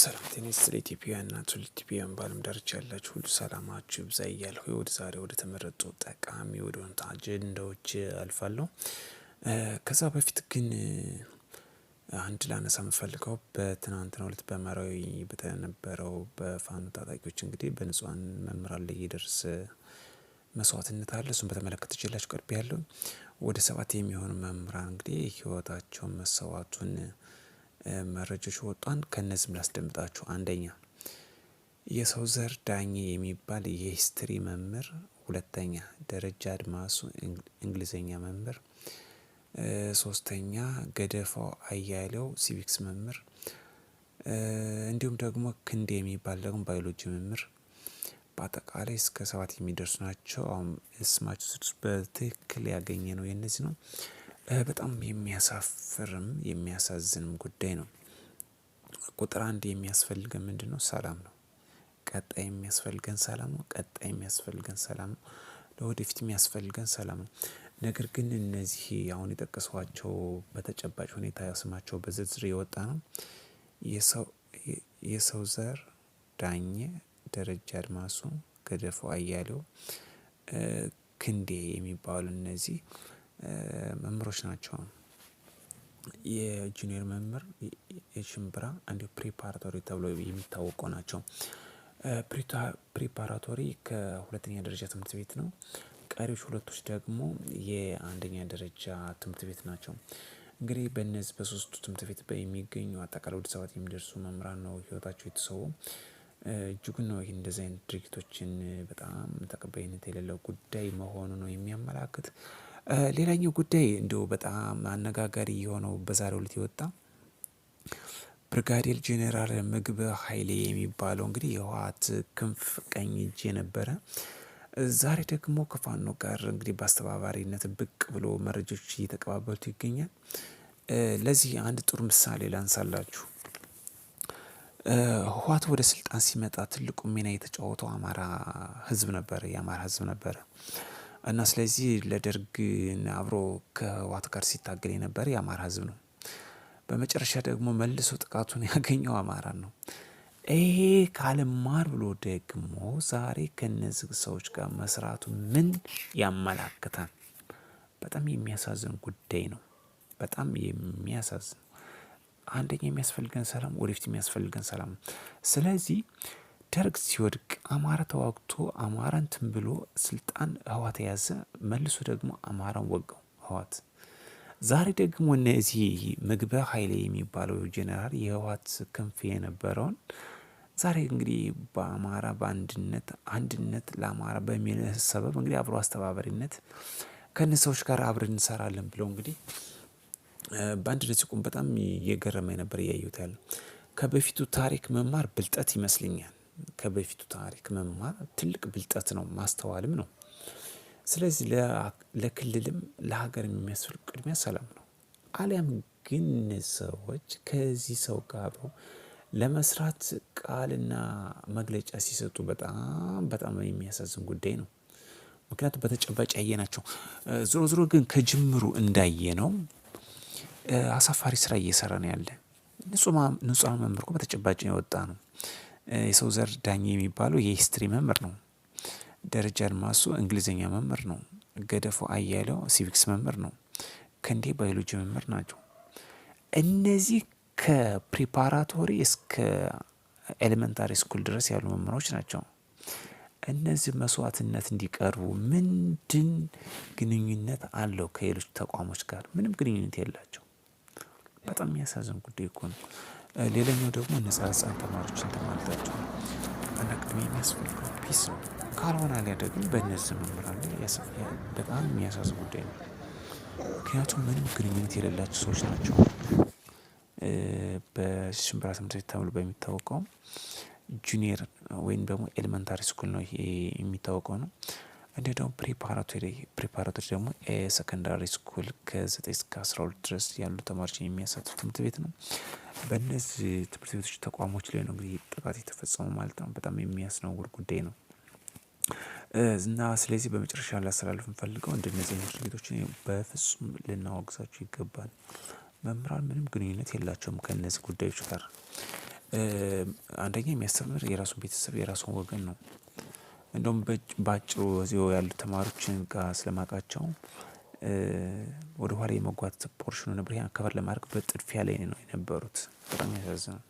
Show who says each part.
Speaker 1: ሰላም ቴኒስ ስለ ኢትዮጵያውያንና ትውልደ ኢትዮጵያውያን በዓለም ዳርቻ ያላችሁ ሁሉ ሰላማችሁ ይብዛ እያልሁ ወደ ዛሬ ወደ ተመረጡ ጠቃሚ ወደ ሆኑ አጀንዳዎች አልፋለሁ። ከዛ በፊት ግን አንድ ላነሳ የምፈልገው በትናንትና ሁለት በመራዊ በተነበረው በፋኖ ታጣቂዎች እንግዲህ በንጹሐን መምህራን ላይ የደርስ መስዋዕትነት አለ። እሱን በተመለከተ ችላችሁ ቀርቤ ያለው ወደ ሰባት የሚሆኑ መምህራን እንግዲህ ህይወታቸውን መሰዋቱን መረጃዎች ወጧን ከእነዚህም ላስደምጣችሁ። አንደኛ የሰው ዘር ዳኜ የሚባል የሂስትሪ መምህር፣ ሁለተኛ ደረጃ አድማሱ እንግሊዘኛ መምህር፣ ሶስተኛ ገደፋው አያሌው ሲቪክስ መምህር፣ እንዲሁም ደግሞ ክንድ የሚባል ደግሞ ባዮሎጂ መምህር በአጠቃላይ እስከ ሰባት የሚደርሱ ናቸው። አሁን ስማቸው ስድስት በትክክል ያገኘ ነው የነዚህ ነው። በጣም የሚያሳፍርም የሚያሳዝንም ጉዳይ ነው። ቁጥር አንድ የሚያስፈልገን ምንድን ነው? ሰላም ነው። ቀጣይ የሚያስፈልገን ሰላም ነው። ቀጣይ የሚያስፈልገን ሰላም ነው። ለወደፊት የሚያስፈልገን ሰላም ነው። ነገር ግን እነዚህ አሁን የጠቀስኋቸው በተጨባጭ ሁኔታ ስማቸው በዝርዝር የወጣ ነው። የሰው ዘር ዳኘ፣ ደረጃ አድማሱ፣ ገደፈ አያሌው፣ ክንዴ የሚባሉ እነዚህ መምህሮች ናቸው። የጁኒየር መምህር የሽምብራ እንዲሁ ፕሪፓራቶሪ ተብሎ የሚታወቁ ናቸው። ፕሪፓራቶሪ ከሁለተኛ ደረጃ ትምህርት ቤት ነው። ቀሪዎች ሁለቶች ደግሞ የአንደኛ ደረጃ ትምህርት ቤት ናቸው። እንግዲህ በእነዚህ በሶስቱ ትምህርት ቤት የሚገኙ አጠቃላይ ወደ ሰባት የሚደርሱ መምህራን ነው ህይወታቸው የተሰው። እጅጉን ነው ይህ እንደዚህ አይነት ድርጊቶችን በጣም ተቀባይነት የሌለው ጉዳይ መሆኑ ነው የሚያመላክት። ሌላኛው ጉዳይ እንዲሁ በጣም አነጋጋሪ የሆነው በዛሬው ዕለት የወጣ ብርጋዴር ጄኔራል ምግብ ኃይሌ የሚባለው እንግዲህ የህወሓት ክንፍ ቀኝ እጅ የነበረ ዛሬ ደግሞ ከፋኖ ጋር እንግዲህ በአስተባባሪነት ብቅ ብሎ መረጃዎች እየተቀባበሉት ይገኛል። ለዚህ አንድ ጥሩ ምሳሌ ላንሳላችሁ። ህወሓት ወደ ስልጣን ሲመጣ ትልቁ ሚና የተጫወተው አማራ ህዝብ ነበረ የአማራ ህዝብ ነበረ። እና ስለዚህ ለደርግ አብሮ ከህወሓት ጋር ሲታገል የነበረ የአማራ ህዝብ ነው። በመጨረሻ ደግሞ መልሶ ጥቃቱን ያገኘው አማራን ነው። ይሄ ካለማር ብሎ ደግሞ ዛሬ ከነዚህ ሰዎች ጋር መስራቱ ምን ያመላክታል? በጣም የሚያሳዝን ጉዳይ ነው። በጣም የሚያሳዝን አንደኛ የሚያስፈልገን ሰላም፣ ወደፊት የሚያስፈልገን ሰላም ስለዚህ ደርግ ሲወድቅ አማራ ተዋግቶ አማራን ትን ብሎ ስልጣን ህዋት የያዘ መልሶ ደግሞ አማራን ወጋው ህዋት። ዛሬ ደግሞ እነዚህ ምግበ ኃይሌ የሚባለው ጄኔራል የህዋት ክንፍ የነበረውን ዛሬ እንግዲህ በአማራ በአንድነት አንድነት ለአማራ በሚል ሰበብ እንግዲህ አብሮ አስተባባሪነት ከነ ሰዎች ጋር አብረን እንሰራለን ብለው እንግዲህ በአንድነት ሲቆም በጣም እየገረመ ነበር እያዩት ያለ ከበፊቱ ታሪክ መማር ብልጠት ይመስለኛል። ከበፊቱ ታሪክ መማር ትልቅ ብልጠት ነው፣ ማስተዋልም ነው። ስለዚህ ለክልልም ለሀገር የሚያስፈልግ ቅድሚያ ሰላም ነው። አሊያም ግን ሰዎች ከዚህ ሰው ጋር አብረው ለመስራት ቃልና መግለጫ ሲሰጡ በጣም በጣም የሚያሳዝን ጉዳይ ነው። ምክንያቱም በተጨባጭ ያየ ናቸው። ዞሮ ዞሮ ግን ከጅምሩ እንዳየ ነው አሳፋሪ ስራ እየሰራ ነው ያለ። ንጹህ መምህር እኮ በተጨባጭ የወጣ ነው። የሰው ዘር ዳኝ የሚባለው የሂስትሪ መምህር ነው። ደረጃ አድማሱ እንግሊዝኛ መምህር ነው። ገደፎ አያሌው ሲቪክስ መምህር ነው። ክንዴ ባዮሎጂ መምህር ናቸው። እነዚህ ከፕሪፓራቶሪ እስከ ኤሌመንታሪ ስኩል ድረስ ያሉ መምህሮች ናቸው። እነዚህ መስዋዕትነት እንዲቀርቡ ምንድን ግንኙነት አለው ከሌሎች ተቋሞች ጋር? ምንም ግንኙነት የላቸው። በጣም የሚያሳዝን ጉዳይ እኮ ነው። ሌላኛው ደግሞ ነጻ ህፃን ተማሪዎችን ተማልታቸው አናቅድሜ የሚያስፈልገው ፒስ ነው። ካልሆነ አሊያ ደግሞ በእነዚህ መምህራን ላይ በጣም የሚያሳዝን ጉዳይ ነው። ምክንያቱም ምንም ግንኙነት የሌላቸው ሰዎች ናቸው። በሽምብራ ትምህርት ቤት ተብሎ በሚታወቀው ጁኒየር ወይም ደግሞ ኤሌመንታሪ ስኩል ነው ይሄ የሚታወቀው ነው። እንዲሁ ደግሞ ፕሪፓራቶሪ ፕሪፓራቶሪ ደግሞ የሰከንዳሪ ስኩል ከ9 እስከ 12 ድረስ ያሉ ተማሪዎች የሚያሳትፍ ትምህርት ቤት ነው። በእነዚህ ትምህርት ቤቶች ተቋሞች ላይ ነው እንግዲህ ጥቃት የተፈጸሙ ማለት ነው። በጣም የሚያስነውር ጉዳይ ነው። እና ስለዚህ በመጨረሻ ላስተላልፍ ንፈልገው እንደነዚህ ትምህርት ቤቶችን በፍጹም ልናወግዛቸው ይገባል። መምህራን ምንም ግንኙነት የላቸውም ከእነዚህ ጉዳዮች ጋር። አንደኛ የሚያስተምር የራሱን ቤተሰብ የራሱን ወገን ነው። እንደውም በአጭሩ እዚሁ ያሉ ተማሪዎችን ጋር ስለማውቃቸው ወደ ኋላ ፖርሽኑ ፖርሽኑን ብሬን ከቨር ለማድረግ በጥድፊያ ላይ ነው የነበሩት። በጣም ያሳዝነው።